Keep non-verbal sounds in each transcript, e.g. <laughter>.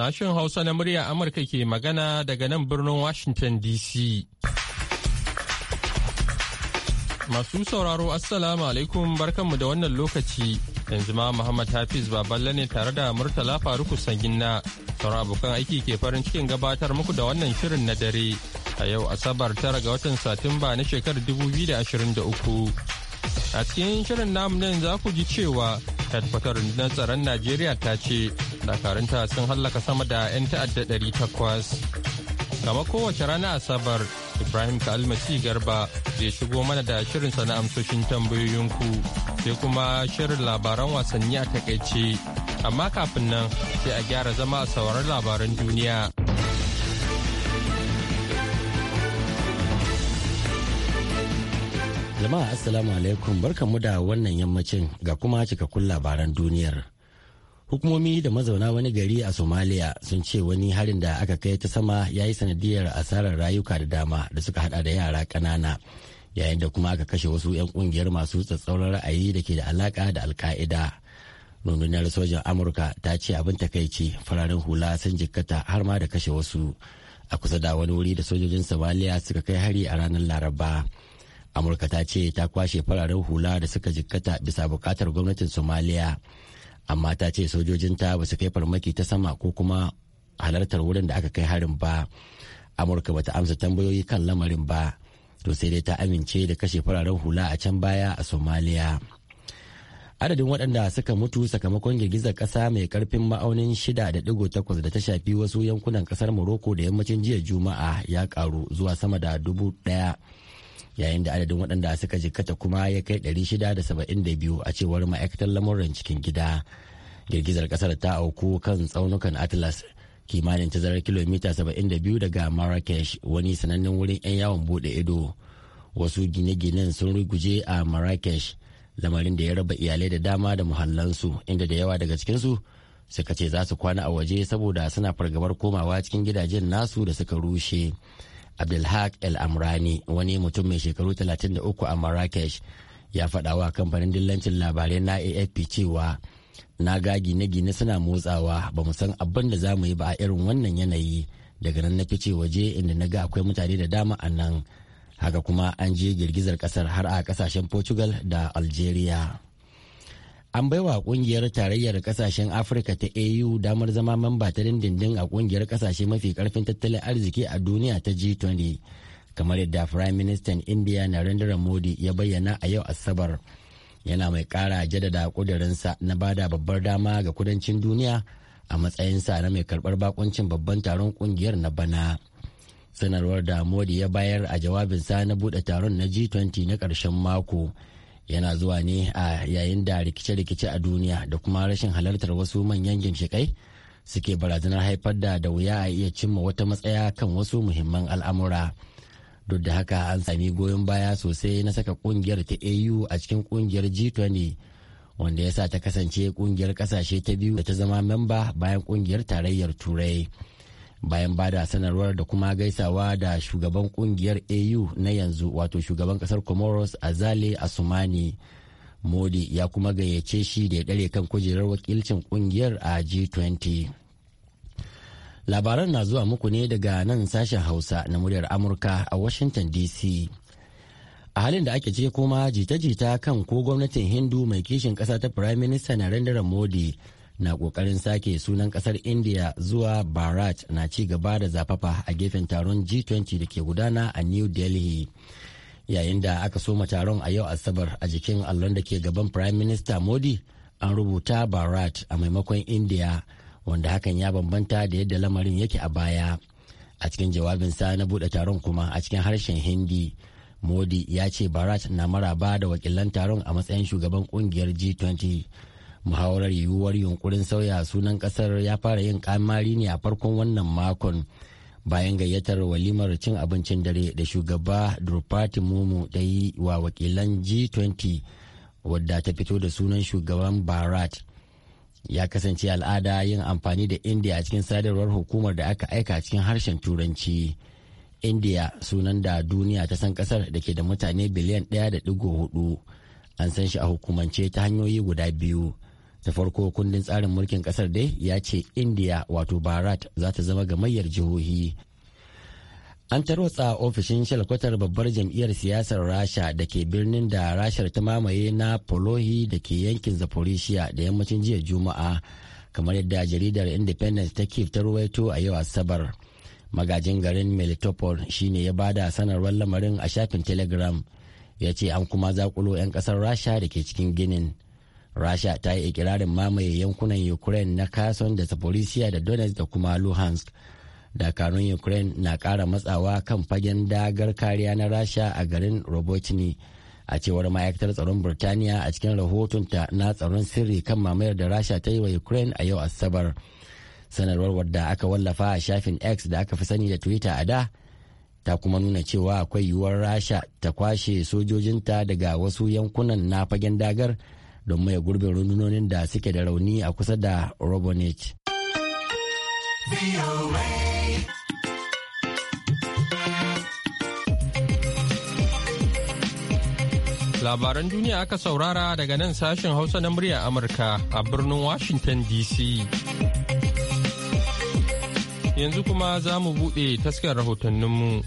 Sashen Hausa na murya Amurka ke magana daga nan birnin Washington DC. Masu sauraro Assalamu alaikum barkanmu da wannan lokaci. Yanzu ma Muhammad Hafiz Baballe ne tare da Murtala Faruku Sanginna. Sauran abokan aiki ke farin cikin gabatar muku da wannan shirin na dare. A yau Asabar tara ga watan Satumba na shekarar 2023. A cikin shirin namu nan za ku ji cewa Headquarter rundunar tsaron Najeriya ta ce dakarunta sun hallaka sama da 'yan ta'adda 800. kama kowace rana Asabar, Ibrahim Kalmasi Garba zai shigo mana da shirin na amsoshin tambayoyinku sai kuma shirin labaran wasanni a takaice. Amma kafin nan sai a gyara zama a sauran labaran duniya. Jama'a Assalamu alaikum mu da wannan yammacin ga kuma cikakkun labaran duniyar. Hukumomi da mazauna wani gari a somaliya sun ce wani harin da aka kai ta sama ya yi sanadiyar asarar rayuka da dama da suka hada da yara kanana Yayin da kuma aka kashe wasu 'yan kungiyar masu tsatsauran ra'ayi da ke da alaka da alka'ida. Rundunar sojan Amurka ta ce abin takaici fararen hula sun jikkata har ma da kashe wasu a kusa da wani wuri da sojojin somaliya suka kai hari a ranar Laraba. amurka ta ce ta kwashe fararen hula da suka jikkata bisa bukatar gwamnatin somaliya amma ta ce sojojinta ba su kai farmaki ta sama ko kuma halartar wurin da aka kai harin ba amurka ba ta amsa tambayoyi kan lamarin ba to sai dai ta amince da kashe fararen hula a can baya a somaliya adadin waɗanda suka mutu sakamakon girgizar ƙasa mai karfin ma'aunin 6.8 da ta shafi wasu yankunan ƙasar morocco da yammacin jiya juma'a ya ƙaru zuwa sama da dubu ɗaya yayin da adadin waɗanda suka jikkata kuma ya kai 672 a cewar ma'aikatar lamuran cikin gida girgizar ƙasar ta auku kan tsaunukan atlas kimanin tazarar kilomita 72 daga marrakesh wani sanannen wurin 'yan yawon bude ido wasu gine-ginen sun ruguje a marrakesh lamarin da ya raba iyalai da dama da muhallansu inda da yawa daga cikinsu suka ce za su kwana a waje saboda suna fargabar komawa cikin gidajen nasu da suka rushe. abdulhaq el amrani wani mutum mai shekaru 33 a marrakesh ya faɗa wa kamfanin dillancin labarai na afp cewa na ga gine-gine suna motsawa ba mu san abin da za mu yi ba a irin wannan yanayi daga nan na fice waje inda na ga akwai mutane da dama a nan haka kuma an je girgizar kasar har a kasashen portugal da algeria an baiwa kungiyar tarayyar kasashen afirka ta au damar zama mamba ta dindindin a kungiyar kasashe mafi karfin tattalin arziki a duniya ta g20 kamar yadda prime minister india narendra modi ya bayyana a yau asabar yana mai kara jaddada kudurinsa na bada babbar dama ga kudancin duniya a matsayinsa na mai karbar bakuncin babban taron kungiyar na bana sanarwar da modi ya bayar a jawabinsa na bude taron na g20 na karshen mako yana zuwa ne a yayin da rikice-rikice a duniya da kuma rashin halartar wasu manyan ginshiƙai suke barazanar haifar da da wuya a iya cimma wata matsaya kan wasu muhimman al'amura duk da haka an sami goyon baya sosai na saka kungiyar ta au a cikin kungiyar g20 wanda ya sa ta kasance kungiyar kasashe ta biyu da ta zama memba bayan kungiyar tarayyar turai bayan ba da sanarwar da kuma gaisawa da shugaban kungiyar au na yanzu wato shugaban kasar comoros azale asumani modi ya kuma gayyace shi da ya dare kan kujerar wakilcin kungiyar a g20 labaran na zuwa muku ne daga nan sashen hausa na muryar amurka a washington dc a halin da ake ce kuma jita-jita kan ko gwamnatin hindu mai kishin kasa ta firayim minista narendra modi na kokarin sake sunan kasar india zuwa bharat na ci gaba da zafafa a gefen taron g20 da ke gudana a new delhi yayin da aka soma taron a yau asabar a jikin allon da ke gaban prime minister modi an rubuta bharat a maimakon india wanda hakan ya bambanta da yadda lamarin yake a baya a cikin jawabinsa na buɗe taron kuma a cikin harshen hindi modi ya ce bharat na maraba da wakilan taron a matsayin shugaban kungiyar g20 muhawarar yiwuwar yunkurin sauya sunan kasar ya fara yin kamari ne a farkon wannan makon bayan gayyatar walimar cin abincin dare da shugaba Drupati Mumu da yi wa wakilan G20 wadda ta fito da sunan shugaban Barat. Ya kasance al'ada yin amfani da India a cikin sadarwar hukumar da aka aika cikin harshen Turanci. India sunan da duniya ta san kasar da ke da mutane biliyan 1.4 an san shi a hukumance ta hanyoyi guda biyu. ta farko kundin tsarin mulkin kasar dai ya ce india wato barat za ta zama gamayyar jihohi an tarwatsa ofishin shalkwatar babbar jam'iyyar siyasar rasha da ke birnin da rashar ta mamaye na polohi da ke yankin zaporishiya da yammacin jiya juma'a kamar yadda jaridar independence ta kif ta ruwaito a yau asabar magajin garin melitopol shine ya bada sanarwar lamarin a shafin telegram ya ce an kuma zakulo 'yan kasar rasha da ke cikin ginin rasha ta yi ikirarin mamaye yankunan ukraine na kason da zaporizhia da donetsk da kuma luhansk dakarun ukraine na kara matsawa kan fagen dagar kariya na rasha a garin robotini a cewar ma'aikatar tsaron burtaniya a cikin rahotonta na tsaron sirri kan mamayar da rasha ta yi wa ukraine a yau asabar sanarwar wadda aka wallafa a shafin x da aka fi sani da twitter a da ta kuma nuna cewa akwai yiwuwar rasha ta kwashe sojojinta daga wasu yankunan na fagen dagar don mai gurbin rundunonin da suke da rauni a kusa da robonich Labaran duniya aka saurara daga nan sashen Hausa na murya Amurka a birnin Washington DC. Yanzu kuma za mu buɗe taskar rahotanninmu.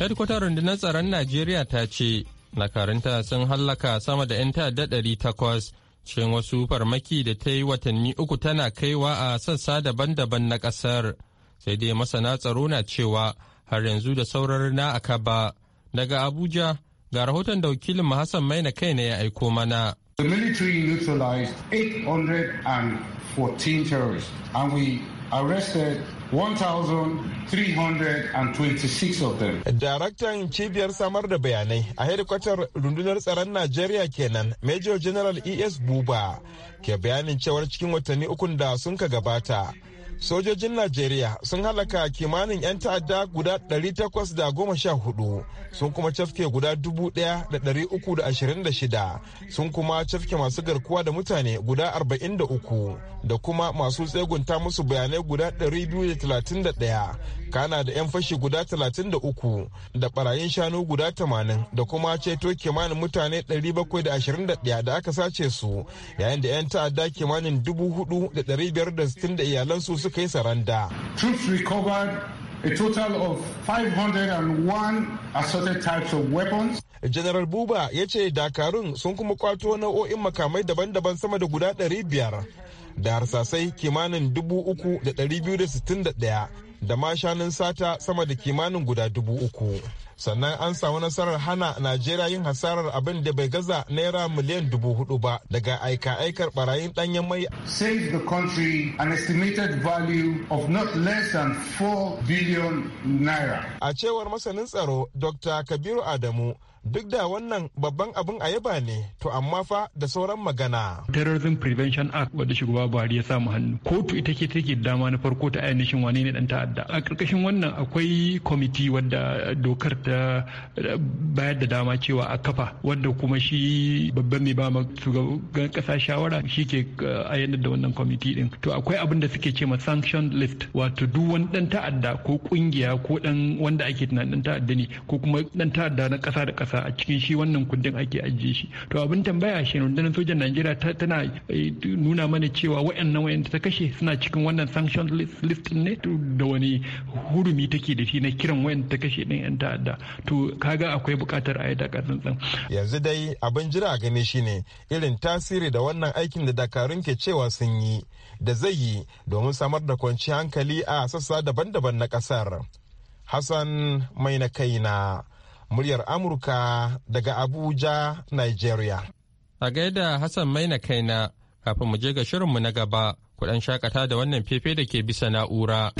Hedkwatar rundunar tsaron Najeriya ta ce karanta sun hallaka sama da 'yan ta'adda ɗari takwas cikin wasu farmaki da ta yi watanni uku tana kaiwa a sassa daban-daban na ƙasar sai dai masana tsaro na cewa har yanzu da saurar na aka ba daga abuja ga rahoton da wakilin hassan na kai na ya aiko mana The military neutralized 814 terrorists and we arrested 1,326 of them. Daraktan cibiyar samar da bayanai a hedikwatar rundunar tsaron Najeriya kenan, Major General ES Buba, ke bayanin cewar cikin watanni ukun da sun ka gabata. sojojin najeriya sun halaka kimanin 'yan ta'adda guda 814 sun kuma cafke guda 1326 sun kuma cafke masu garkuwa da mutane guda 43 da kuma masu tsegunta musu bayanai guda 231 kana da 'yan fashi guda 33 da barayin shanu guda 80 da kuma ceto kimanin mutane 721 da aka sace su yayin da 'yan ta'adda kimanin 4,560 da iyalansu suka yi saranda. Troops recovered a total of 501 assorted types of weapons. General Buba ya ce dakarun sun kuma kwato nau'o'in makamai daban-daban sama da guda 500 da harsasai kimanin 3,261 da ma shanun sata sama da kimanin guda dubu uku. sannan an samu nasarar hana najeriya yin hasarar abin da bai gaza naira miliyan dubu hudu ba daga aika-aikar barayin danyen mai save the country an estimated value of not less than 4 billion naira a cewar masanin tsaro dr kabiru adamu duk da wannan babban abin a yaba ne to amma fa da sauran magana. Terrorism Prevention Act wadda shugaba Buhari ya samu hannu. Kotu ita ke take dama na farko ta ainihin wane ne dan ta'adda. A ƙarƙashin wannan akwai kwamiti wadda dokar ta eh, bayar da dama cewa a kafa wadda kuma shi babban mai ba ma shugaban ƙasa shawara shi ke eh, ayyanar da wannan kwamiti din. To akwai abin da suke ce ma sanction list wato duk wani dan ta'adda ko kungiya ko dan wanda ake tunanin dan ta'adda ne ko kuma dan ta'adda na ƙasa da ƙasa kasa a cikin shi wannan kundin ake ajiye shi to abin tambaya shi rundunar sojan najeriya tana eh, nuna mana cewa wayannan wayanda ta kashe suna cikin wannan sanctions list ne da wani hurumi take da shi na kiran wayanda ta kashe din yan ta'adda to kaga akwai bukatar a yi tsantsan yanzu dai abin jira gani shine irin tasiri da wannan aikin da dakarun ke cewa sun yi da zai yi domin samar da kwanciyar hankali a sassa daban-daban na kasar hassan mai na kaina muryar amurka daga abuja nigeria a gaida hassan maina kaina kafin mu je ga shirinmu na gaba kudan shakata da wannan fefe da ke bisa na'ura.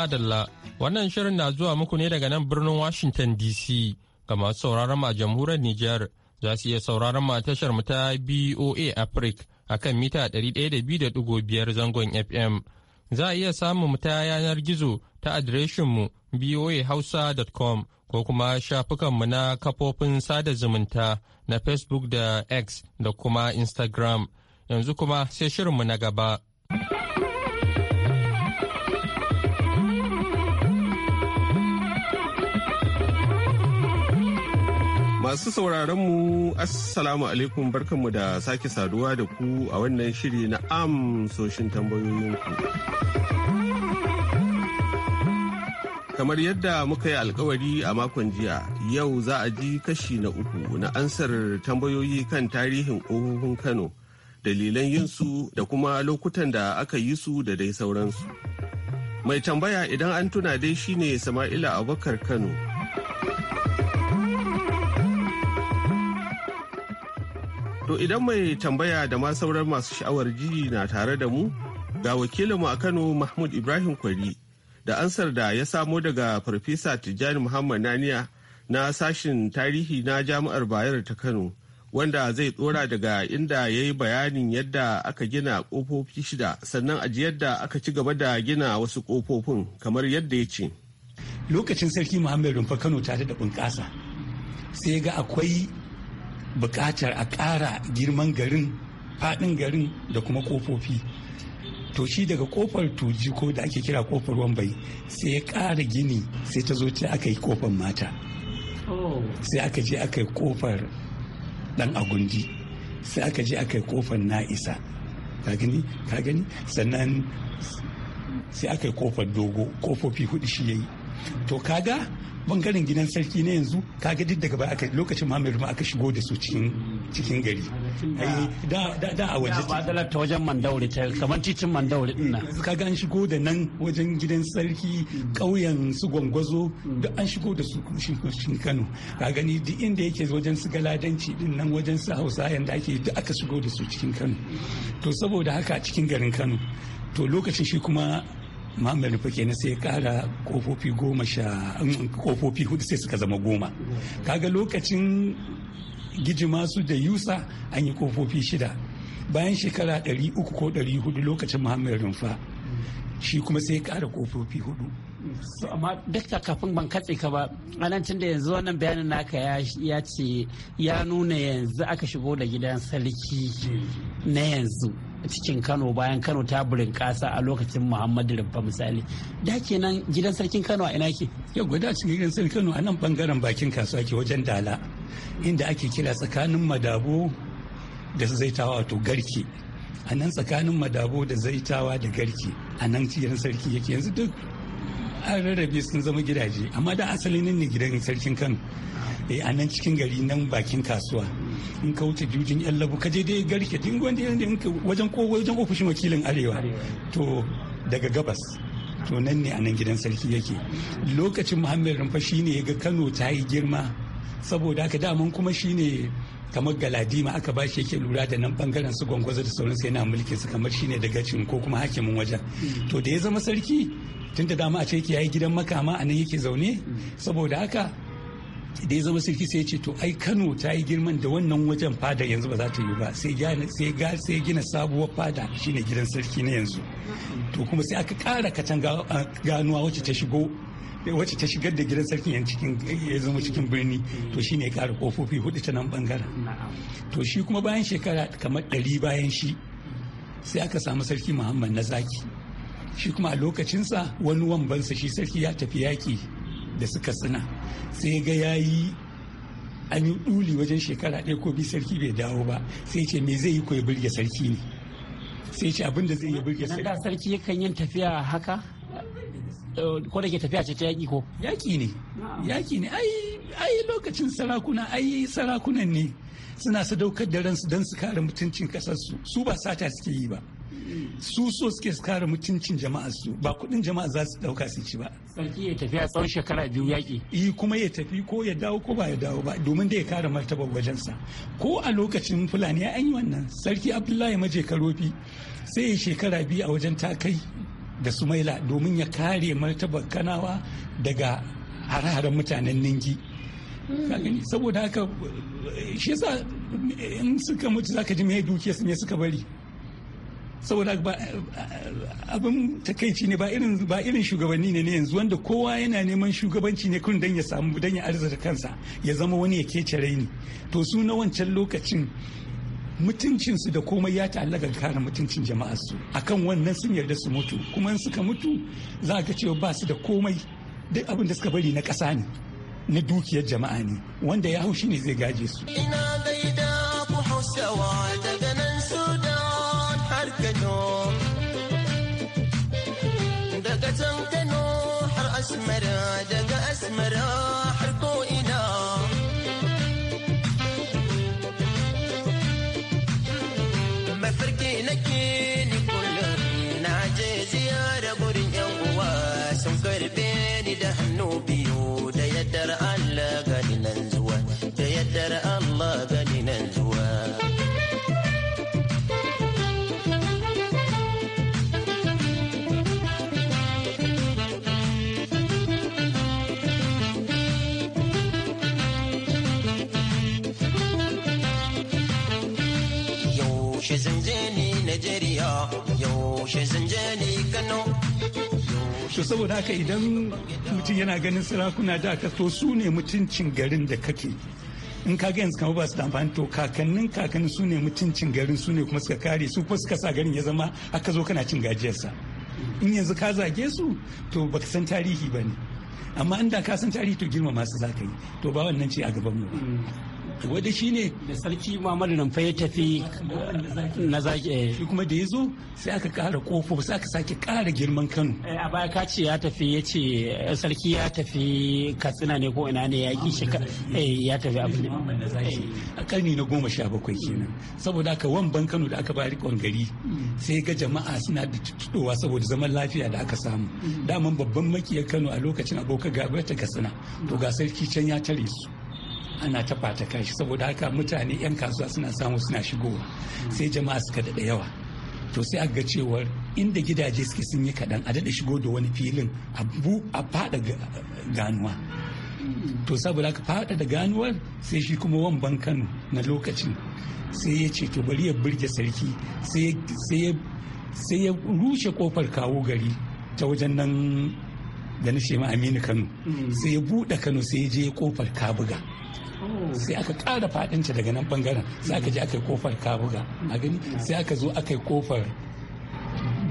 madalla wannan shirin na zuwa muku ne daga nan birnin Washington DC ga masu sauraron ma jamhuriyar Nijar za su iya sauraron ma tashar mu ta BOA Africa akan mita 102.5 zangon FM. Za a iya samun mu ta yanar gizo ta adireshin mu boahausa.com ko kuma shafukanmu na kafofin sada zumunta na Facebook da X da kuma Instagram. Yanzu kuma sai shirinmu na gaba. Masu sauraron mu Assalamu alaikum barkanmu da sake saduwa da ku a wannan shiri na amsoshin tambayoyinku. Kamar yadda muka yi alkawari a makon jiya, yau za a ji kashi na uku na ansar tambayoyi kan tarihin Ohuhun Kano, dalilan yinsu da kuma lokutan da aka yi su da dai sauransu. Mai tambaya idan an tuna dai shine Sama'ila Abubakar Kano. To idan mai tambaya da ma sauran masu sha'awar ji na tare da mu ga wakilinmu a Kano Mahmud Ibrahim Kwari da ansar da ya samo daga Farfesa Tijjani Muhammad Naniya na sashin tarihi na Jami'ar Bayero ta Kano wanda zai tsora daga inda ya yi bayanin yadda aka gina ƙofofi shida sannan aji yadda aka ci gaba da gina wasu kofofin kamar yadda ya ce. Lokacin Sarki Muhammad Rumfa Kano ta da bunƙasa sai ga akwai Bukatar a ƙara girman garin faɗin garin da kuma ƙofofi to shi daga kofar tuji ko da ake kira kofar wambai sai ya ƙara gini sai ta zo ta aka yi kofar mata oh. sai aka je aka yi kofar ɗan agundi sai aka je aka yi kofar na'isa ka gani ka gani sannan sai aka yi kofar dogo kofofi hudu shi yayi to kaga bangaren gidan sarki ne yanzu kaga duk daga baya lokacin Muhammadu ma aka shigo da su cikin cikin gari da da da a waje ba dalar ta wajen Mandauri ta kamar titin Mandauri din nan ga an shigo da nan wajen gidan sarki mm. ƙauyen su gwangwazo mm. duk an shigo da su cikin Kano ka gani duk inda yake wajen su galadanci din nan wajen su Hausa yanda ake duk aka shigo da su cikin Kano to saboda haka cikin garin Kano to lokacin shi kuma mamari nufa kenan sai kara kofofi goma sha kofofi hudu sai suka zama goma kaga lokacin gijima su da yusa an yi kofofi shida bayan shekara 300 ko 400 lokacin muhammadu rumfa shi kuma sai kara kofofi hudu amma duk da kafin ban katse ka ba anancin tun da yanzu wannan bayanin naka ya ce ya nuna yanzu aka shigo da gidan sarki na yanzu cikin kano bayan kano ta burinkasa a lokacin muhammadu rumfa misali da kenan gidan sarkin kano a ina ke yau a cikin gidan sarkin kano a nan bangaren bakin kasuwa ke wajen dala inda ake kira tsakanin madabo da zaitawa wato garki a nan tsakanin madabo da zaitawa da garki a nan gidan sarki yake yanzu duk an rarrabe sun zama gidaje amma da asalin ne gidan sarkin kano a nan cikin gari nan bakin kasuwa in ka wuce jujin yan labu ka je dai garke duk wanda wajen ko wajen ofishin wakilin arewa to daga gabas to nan ne a nan gidan sarki yake lokacin muhammad rumfa shine ya ga kano ta yi girma saboda haka daman kuma shine kamar galadima aka ba shi yake lura da nan bangaren su gwangwazo da sauransu yana mulkin su kamar shine daga cin ko kuma hakimin wajen to da ya zama sarki tun da dama a ce yake yayi gidan makama a nan yake zaune saboda haka da ya zama sarki sai ya ce to ai kano ta yi girman da wannan wajen fada yanzu ba za ta yi ba sai gina gina sabuwar fada shine gidan sarki na yanzu to kuma sai aka kara katan ganuwa wacce ta shigo wacce ta shigar da gidan sarki yan cikin ya zama cikin birni to shine ya kara kofofi hudu ta nan bangaren to shi kuma bayan shekara kamar ɗari bayan shi sai aka samu sarki muhammad na zaki shi kuma a lokacinsa wani wambansa shi sarki ya tafi yaki da suka suna sai ga yi an yi duli wajen shekara ɗaya ko bi sarki bai dawo ba sai ce me zai yi ko ya burge sarki ne sai ce abin da zai yi burge sarki da sarki yakan yin tafiya haka eh, ko da ke tafiya ce ta yaƙi ko yaƙi ne yaƙi ne ai lokacin sarakuna ai sarakunan ne suna sadaukar da ransu don su kare mutuncin kasarsu su ba sata suke yi ba su so suke kare mutuncin jama'a su ba kuɗin jama'a za su ɗauka su ci ba. Sarki ya tafi a tsawon shekara biyu yaƙi. Yi eh, kuma ya tafi ko ya dawo ko ba ya dawo ba domin da ya kare martabar wajensa. Ko a lokacin Fulani ya an yi wannan sarki Abdullahi Maje Karofi sai ya shekara biyu a wajen takai da Sumaila domin ya kare martabar Kanawa daga hare-haren mutanen Ningi. saboda haka shi yasa in suka mutu zaka ji me dukiyarsu ne suka bari saboda abin takaici ne ba irin shugabanni ne ne yanzu wanda kowa yana neman shugabanci ne kun dan ya samu dan ya arzata kansa ya zama wani ya kece raini to su na wancan lokacin mutuncinsu da komai ya ta'allaka da kare mutuncin jama'arsu akan wannan sun yarda su mutu kuma in suka mutu za ka cewa ba su da komai duk abin da suka bari na ƙasa ne na dukiyar jama'a ne wanda ya haushi ne zai gaje su. Ina yaushe zan je ni Najeriya yaushe zan je ni Kano to saboda haka idan mutum yana ganin sarakuna da aka to su ne mutuncin garin da kake in ka ga yanzu kamar ba su da amfani to kakannin kakannin su ne mutuncin garin su ne kuma suka kare su kuma suka sa garin ya zama aka zo kana cin gajiyarsa in yanzu ka zage su to baka san tarihi ba ne amma inda ka san tarihi to girmama su za ka yi to ba wannan ce a gaban mu ba shi ne. da sarki Muhammadu nan ya tafi na zaki eh. shi kuma da ya zo sai aka kara kofo sai aka sake kara girman Kano eh, a baya ka ce ya tafi ya ce eh, sarki ya tafi Katsina ne ko ina ne ya ki shi ya tafi abu a karni na goma sha bakwai kenan saboda aka wan ban Kano da aka bari gari sai ga jama'a suna da tutuwa saboda zaman lafiya da aka samu daman babban makiyar Kano a lokacin abokan gaba ta Katsina to ga sarki can ya tare su ana ta fata kashi saboda haka mutane 'yan kasuwa suna samu suna shigowa sai jama'a suka daɗa yawa to sai ga cewar inda gidaje suke sun yi kaɗan a daɗa shigo da wani filin a faɗa ganuwa to saboda haka faɗa da ganuwar sai shi kuma wamban kano na lokacin sai ya ce to bari ya birge sarki sai ya rushe kofar kawo gari ta wajen nan da na shema aminu kano mm. sai ya buɗe kano sai ya je kofar kabuga sai aka ƙara faɗinta daga nan bangaren sai aka je aka yi kofar kabuga a gani sai aka zo aka yi kofar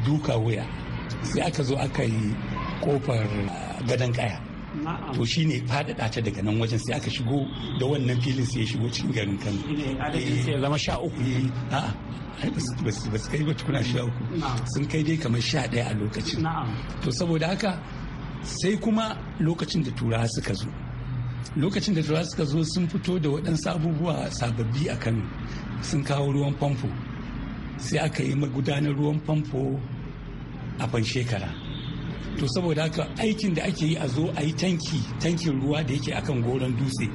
duka wuya sai aka zo aka yi kofar ah, gadon kaya to shi ne faɗaɗa ta daga nan wajen sai aka shigo da wannan filin sai ya shigo cikin garin kano ya zama sha uku eh, a'a ba su kai ba tukuna sha uku sun kai dai kamar sha ɗaya a lokacin to saboda haka sai kuma lokacin da turawa suka zo lokacin da jura suka zo sun fito da waɗansu abubuwa sababbi a kano sun kawo ruwan famfo sai aka yi magudanar ruwan famfo a ban shekara to saboda haka aikin da ake yi a zo a yi tanki tankin ruwa da yake akan goron dutse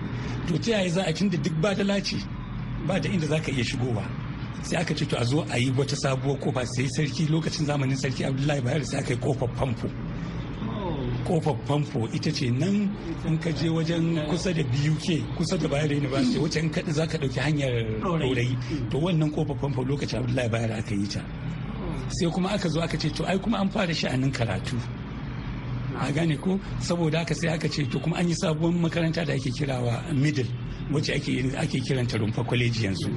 to ta yaya za a da duk ba da lace ba da inda za ka iya shigowa sai aka ce to a zo a yi wata sabuwar kofa sai sarki lokacin zamanin sarki abdullahi bayar sai aka yi kofar famfo kofar famfo ita ce nan in ka je wajen kusa da BUK kusa da Bayero University wacce in kaɗa za ka ɗauki hanyar ɗorayi to wannan kofar famfo lokacin Abdullahi Bayero aka yi ta sai kuma aka zo aka ce to ai kuma an fara sha'anin karatu a gane ko saboda aka sai aka ce to kuma an yi sabuwar makaranta da ake kirawa middle wacce ake kiranta rumfa kwaleji yanzu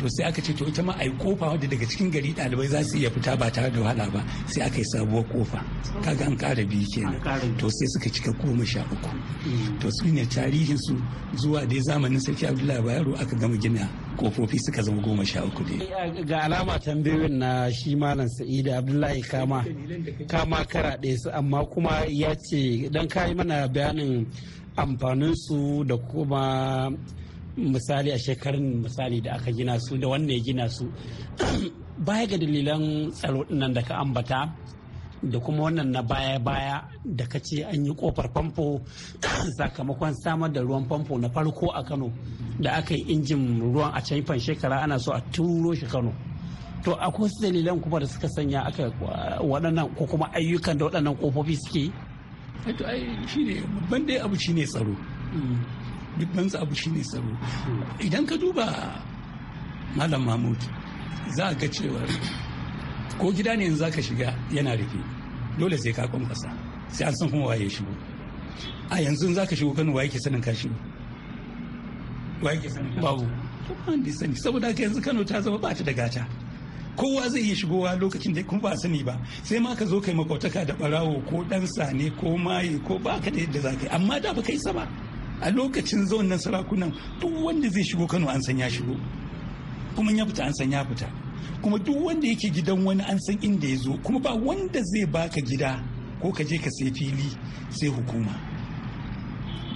to sai aka ce to ita ma ai kofa wadda daga cikin gari ɗalibai za su iya fita ba tare da wahala ba sai aka yi sabuwar kofa kaga an ƙara biyu kenan to sai suka cika goma sha uku mm. to su ne tarihin su zuwa dai zamanin sarki abdullahi bayero aka gama gina kofofi suka zama goma sha uku dai eh, ga alama tambayoyin na shi malam sa'ida abdullahi kama kama kara ɗaya amma kuma ya ce dan kayi mana bayanin Amfanin su da kuma misali a shekarun misali da aka gina su da wannan ya gina su <clears throat> baya ga dalilan tsaro nan da ka ambata da kuma wannan na baya-baya da ka ce an yi kofar famfo <clears throat> sakamakon samar da ruwan famfo na farko a kano da aka yi injin ruwan a can shekara ana so a turo shi kano to akwai su dalilan kuma da suka sanya aka waɗannan ko kuma ayyukan da waɗannan kofofi suke to ai shi ne babban dai abu shine tsaro su abu shine tsaro idan ka duba malam mahmud za ga cewa ko gida ne za ka shiga yana rufe dole sai ka kwankwasa sai an san kuma waye shigo a yanzu ka shigo kano waye ke sanin ka shigo waye ke sanin babu to an sani saboda haka yanzu kano ta zama ba ta da gata kowa zai iya shigowa lokacin da kuma ba sani ba sai ma ka zo kai makwataka da barawo ko dan sane ko maye ko baka da yadda za ka yi amma da ba kai sama a lokacin zuwan nan sarakunan duk wanda zai shigo Kano an san ya shigo kuma ya fita an san ya fita kuma duk wanda yake gidan wani an san inda ya zo kuma ba wanda zai baka gida ko ka je ka sai fili sai hukuma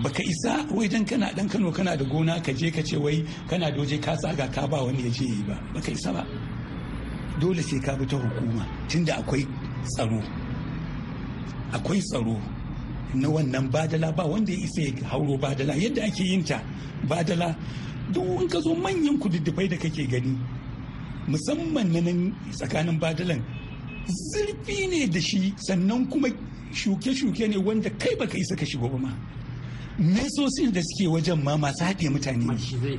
baka isa wai dan kana dan Kano kana da gona ka je ka ce wai kana doje ka tsaga ka ba wani ya je yi ba baka isa ba dole sai ka bi ta hukuma tunda akwai tsaro akwai tsaro na wannan badala ba wanda ya isa ya hauro badala yadda ake yin ta badala duk in ka zo manyan kududdufai da kake gani musamman na nan tsakanin badalan zurfi ne da shi sannan kuma shuke-shuke ne wanda kai baka isa ka shigo ba ma mesosin da suke wajen ma masu haɗe mutane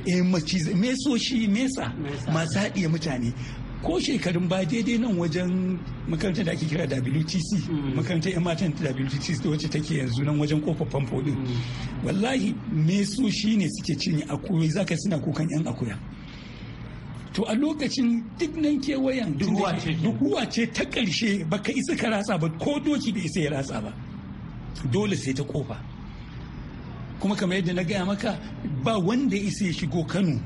eh, mesoshi mesa masu haɗe mutane ko shekarun ba daidai nan wajen makarantar da ake kira WTC hmm. makarantar yan matan WTC da wacce take yanzu nan wajen kofar famfo din hmm. wallahi me su shine suke cinye akuyoyi zaka suna kukan yan akuya to a lokacin duk nan kewayen duhuwa ce ta ƙarshe baka isa ka ratsa ba ko doki da isa ya ratsa ba dole sai ta kofa kuma kamar yadda na gaya maka ba wanda isa ya shigo kano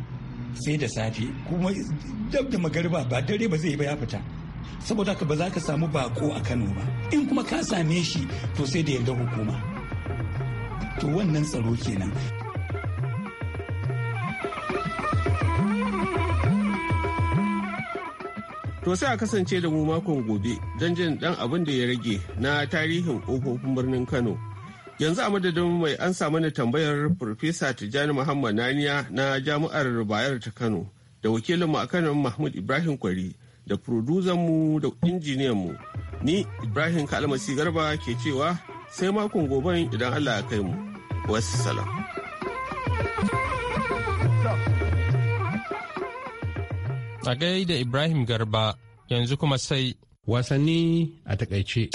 sai da safe kuma dab da magariba ba dare ba zai yi ba ya fita saboda haka ba za ka samu bako a kano ba in kuma ka same shi to sai da yarda hukuma to wannan tsaro kenan To sai a kasance da mu makon gobe don jin dan abin da ya rage na tarihin ƙofofin birnin Kano. yanzu a madadin mai an samu ne tambayar Profesa Tijjani Muhammad Naniya na Jami'ar Bayar ta Kano da wakilinmu a Kano Mahmud Ibrahim Kwari da mu da injiniyanmu ni Ibrahim Kalmasi Garba ke cewa sai makon goben idan Allah ya kai mu. Wassalam. A da Ibrahim Garba yanzu kuma sai wasanni a takaice.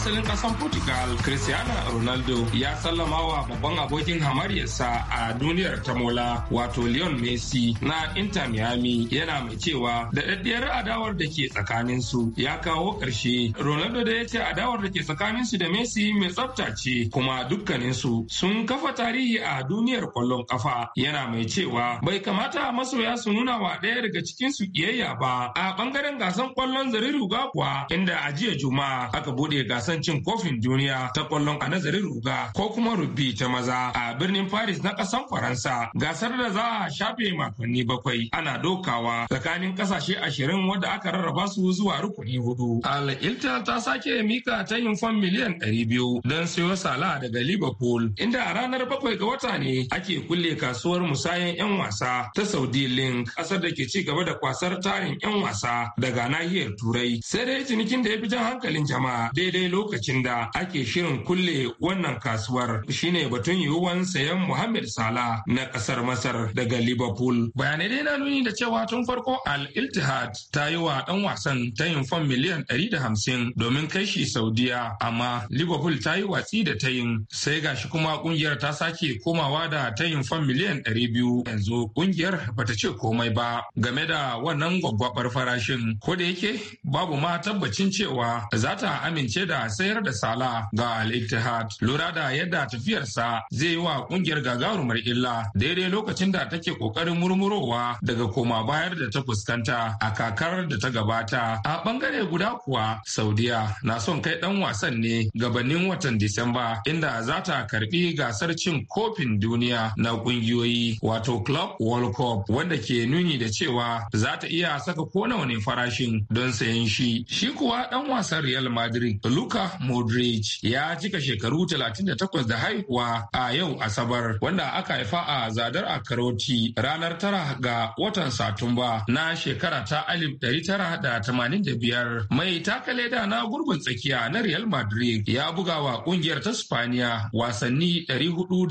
asalin kasan Portugal Cristiano Ronaldo ya sallama wa babban abokin hamariyarsa a duniyar ta mola wato Lion Messi na Inter Miami yana mai cewa da daɗaɗɗiyar adawar da ke tsakaninsu, ya kawo ƙarshe. Ronaldo da ya ce adawar da ke tsakanin da Messi mai tsafta ce kuma dukkanin sun kafa tarihi a duniyar kwallon kafa yana mai cewa bai kamata masoya su nuna wa ɗaya daga cikin su kiyayya ba a bangaren gasan kwallon zariru ga kuwa inda a jiya juma'a aka buɗe gasar wasan cin kofin duniya ta kwallon a nazarin ruga ko kuma rubi ta maza a birnin Paris na kasan Faransa. Gasar da za a shafe makonni bakwai ana dokawa tsakanin ƙasashe ashirin wadda aka rarraba su zuwa rukuni hudu. Al ta sake mika ta yin fam miliyan ɗari biyu don siyo sala daga Liverpool inda a ranar bakwai ga wata ne ake kulle kasuwar musayan 'yan wasa ta Saudi Link ƙasar da ke ci gaba da kwasar tarin 'yan wasa daga nahiyar Turai. Sai dai cinikin da ya fi jan hankalin jama'a daidai lokacin lokacin da ake shirin kulle wannan kasuwar shine batun yiwuwan sayan Muhammad Salah na kasar Masar daga Liverpool. Bayanai dai na nuni da cewa tun farko Al iltihad ta yi wa dan wasan ta yin fam miliyan hamsin domin kai shi Saudiya amma Liverpool ta yi watsi da ta yin sai gashi kuma kungiyar ta sake komawa da ta yin fam miliyan biyu. yanzu kungiyar bata ce komai ba game da wannan gwaggwabar farashin ko da yake babu ma tabbacin cewa za ta amince da sayar da sala ga Al Ittihad lura da yadda tafiyarsa zai yi wa kungiyar gagarumar illa daidai lokacin da take kokarin murmurowa daga koma bayar da ta fuskanta a kakar da ta gabata a bangare guda kuwa Saudiya na son kai dan wasan ne gabanin watan Disamba inda za ta karbi gasar cin kofin duniya na kungiyoyi wato Club World Cup wanda ke nuni da cewa za ta iya saka ko nawa ne farashin don sayen shi shi kuwa dan wasan Real Madrid Luka Luka Modric ya cika shekaru 38 da haihuwa a yau Asabar wanda aka haifa a Zadar a Karoti ranar tara ga watan Satumba na shekara ta alif da 1985 mai taka leda na gurbin tsakiya na Real Madrid ya buga wa kungiyar ta Spaniya wasanni 492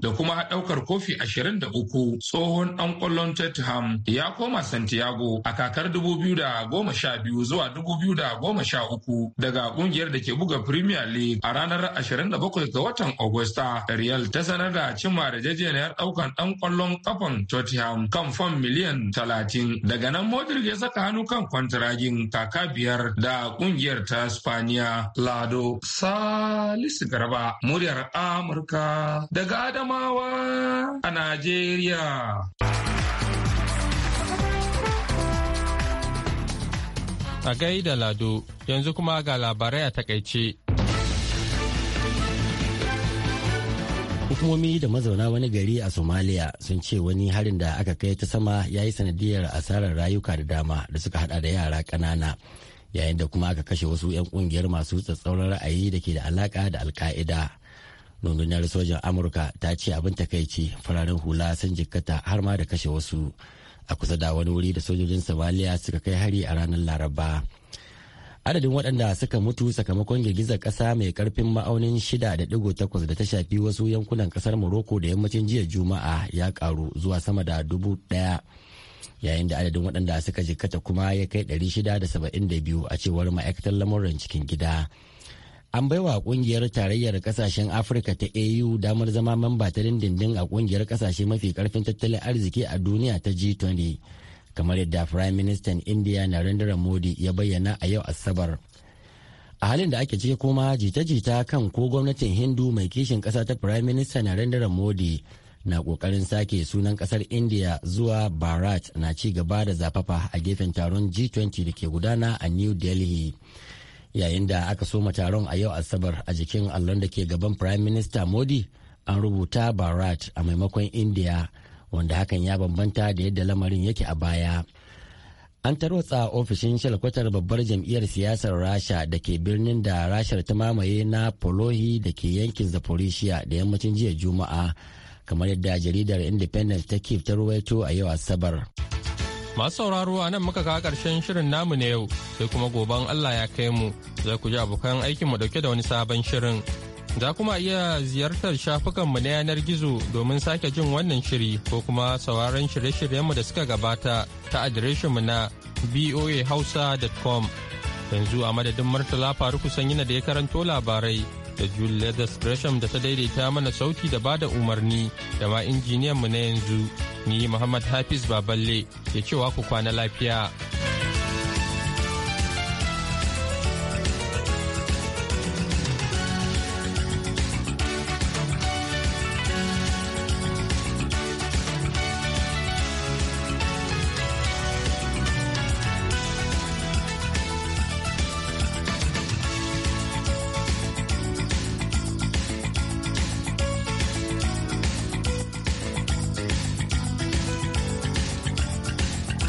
da da kuma daukar kofi ashirin da uku. tsohon dan kwallon Tottenham ya koma Santiago a kakar dubu 2012 zuwa sha 2013 daga kungiyar da ke buga Premier League a ranar 27 ga watan Agusta. Real ta sanar da cimma da jajjeniyar daukan dan kwallon kafan Tottenham kan fam miliyan 30. Daga nan Modric ya saka hannu kan kontragin kaka biyar da kungiyar ta Spaniya Lado Salisu Garba muryar Amurka daga Adamawa a Najeriya. A da Lado, yanzu kuma ga labarai a takaice. Hukumomi da mazauna wani gari a Somalia sun ce wani harin da aka kai ta sama ya yi sanadiyar asarar rayuka da dama da suka hada da yara ƙanana. Yayin da kuma aka kashe wasu 'yan kungiyar masu tsatsauran ra'ayi da ke da alaka da alka'ida. Rundunar sojan Amurka ta ce abin takaici fararen hula sun jikkata har ma da kashe wasu. a kusa da wani wuri da sojojin somaliya suka kai hari a ranar laraba adadin waɗanda suka mutu sakamakon girgizar ƙasa mai ƙarfin ma'aunin 6.8 da ta shafi wasu yankunan ƙasar morocco da yammacin jiya juma'a ya ƙaru zuwa sama da dubu ɗaya yayin da adadin waɗanda suka jikkata kuma ya kai 672 a cewar ma'aikatar lamuran cikin gida. an baiwa kungiyar tarayyar kasashen afirka ta au damar zama mamba ta dindindin a kungiyar kasashe mafi karfin tattalin arziki a duniya ta g20 kamar yadda prime minister india narendra modi ya bayyana a yau asabar a halin da ake ciki kuma jita-jita kan ko gwamnatin hindu mai kishin kasa ta prime minister narendra modi na kokarin sake sunan kasar india zuwa bharat na ci gaba da zafafa a gefen taron g20 da ke gudana a new delhi yayin da aka soma taron a yau asabar a jikin allon da ke gaban prime minister modi an rubuta barat a maimakon india wanda hakan ya bambanta da yadda lamarin yake a baya an tarwatsa ofishin shalkwatar babbar jam'iyyar siyasar rasha da ke birnin da rashar ta mamaye na polohi da ke yankin zaporishiya da yammacin jiya juma'a kamar yadda jaridar independence ta kif ta ruwaito a yau asabar. Masu sauraro a nan muka kawo ƙarshen shirin namu na yau sai kuma goben Allah ya kai mu zai ku ji abokan aikin mu dauke da wani sabon shirin. Za kuma iya ziyartar shafukanmu na yanar gizo domin sake jin wannan shiri ko kuma sauraron shirye-shiryenmu da suka gabata ta adireshinmu na boahausa.com. Yanzu a madadin Murtala Faruku Sanyina da ya karanto labarai da Julie da Gresham da ta daidaita mana sauti da bada umarni da ma injiniyan mu na yanzu ni Muhammad Hafiz Baballe ke cewa ku kwana lafiya.